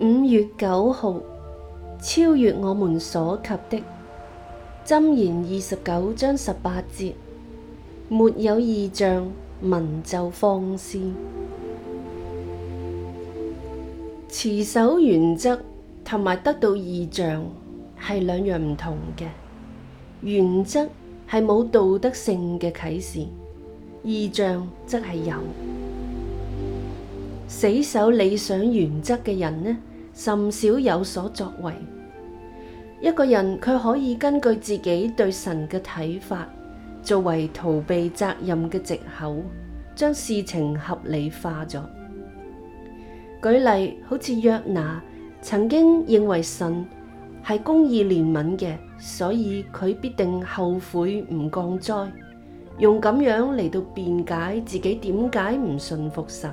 五月九號，超越我們所及的，箴言二十九章十八節，沒有異象，文就放肆。持守原則同埋得到異象係兩樣唔同嘅，原則係冇道德性嘅啟示，異象則係有。死守理想原則嘅人呢，甚少有所作為。一個人佢可以根據自己對神嘅睇法，作為逃避責任嘅藉口，將事情合理化咗。舉例好似約拿，曾經認為神係公義憐憫嘅，所以佢必定後悔唔降災，用咁樣嚟到辯解自己點解唔信服神。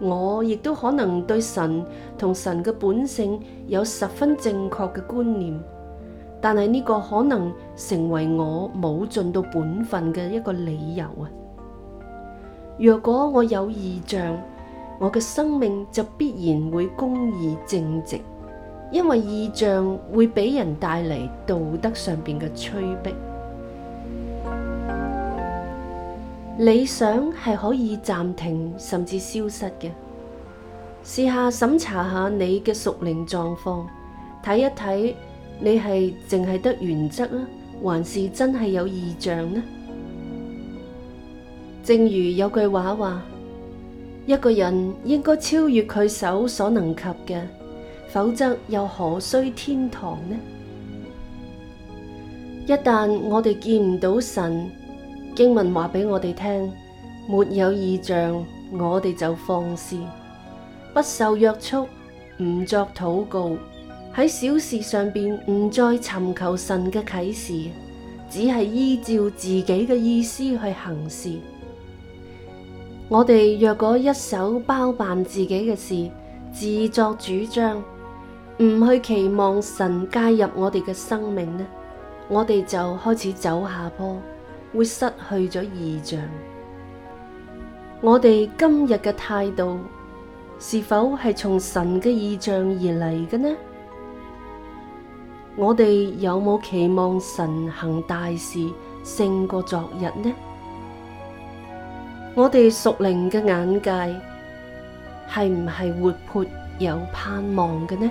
我亦都可能對神同神嘅本性有十分正確嘅觀念，但係呢個可能成為我冇盡到本分嘅一個理由啊。若果我有異象，我嘅生命就必然會公義正直，因為異象會俾人帶嚟道德上邊嘅催逼。理想係可以暫停甚至消失嘅。試下審查下你嘅屬靈狀況，睇一睇你係淨係得原則啦，還是真係有異象呢？正如有句話話：一個人應該超越佢手所能及嘅，否則又何須天堂呢？一旦我哋見唔到神。經文話俾我哋聽，沒有異象，我哋就放肆，不受約束，唔作禱告，喺小事上邊唔再尋求神嘅啟示，只係依照自己嘅意思去行事。我哋若果一手包辦自己嘅事，自作主張，唔去期望神介入我哋嘅生命呢，我哋就開始走下坡。會失去咗異象，我哋今日嘅態度是否係從神嘅異象而嚟嘅呢？我哋有冇期望神行大事勝過昨日呢？我哋屬靈嘅眼界係唔係活潑有盼望嘅呢？